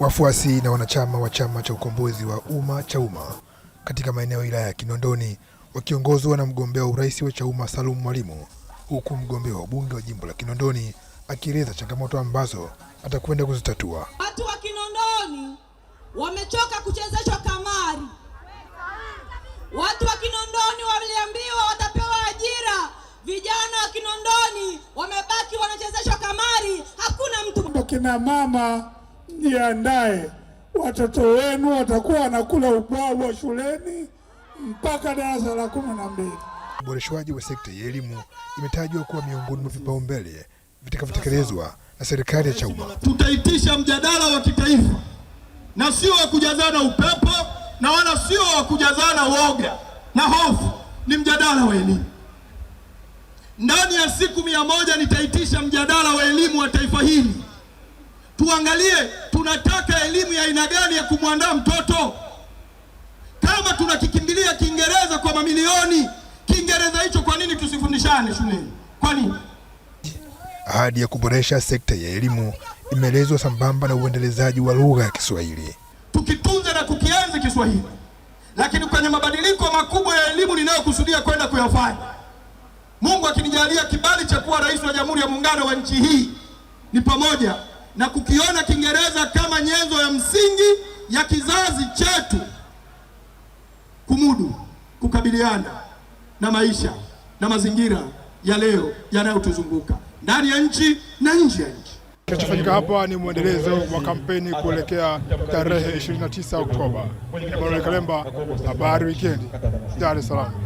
Wafuasi na wanachama wa chama cha ukombozi wa umma umma katika maeneo ya wilaya ya Kinondoni wakiongozwa na mgombea wa urais wa CHAUMMA Salum Mwalimu, huku mgombea wa ubunge wa jimbo la Kinondoni akieleza changamoto ambazo atakwenda kuzitatua. Watu wa Kinondoni wamechoka kuchezeshwa kamari. Watu wa Kinondoni waliambiwa watapewa ajira, vijana wa Kinondoni wamebaki wanachezeshwa kamari, hakuna mtu. Kina mama mjiandae, watoto wenu watakuwa wanakula ubwabwa shuleni mpaka darasa la kumi na mbili. Uboreshwaji wa sekta ya elimu imetajwa kuwa miongoni mwa vipaumbele vitakavyotekelezwa na serikali ya CHAUMMA. Tutaitisha mjadala wa kitaifa na sio wa kujazana upepo na wala sio wa kujazana woga na hofu, ni mjadala wa elimu. Ndani ya siku mia moja nitaitisha mjadala wa elimu wa taifa hili, tuangalie tunataka elimu ya aina gani ya kumwandaa mtoto? Kama tunakikimbilia Kiingereza kwa mamilioni, Kiingereza hicho kwa nini tusifundishane shuleni? Kwa nini? Ahadi ya kuboresha sekta ya elimu imeelezwa sambamba na uendelezaji wa lugha ya Kiswahili, tukitunza na kukienzi Kiswahili, lakini kwenye mabadiliko makubwa ya elimu ninayokusudia kwenda kuyafanya, Mungu akinijalia kibali cha kuwa rais wa Jamhuri ya Muungano wa nchi hii, ni pamoja na kukiona Kiingereza kama nyenzo ya msingi ya kizazi chetu kumudu kukabiliana na maisha na mazingira ya leo yanayotuzunguka ndani ya nchi na nje ya nchi. Kinachofanyika hapa ni mwendelezo wa kampeni kuelekea tarehe 29 Oktoba. Manuel Kalemba, Habari Wikendi, Dar es Salaam.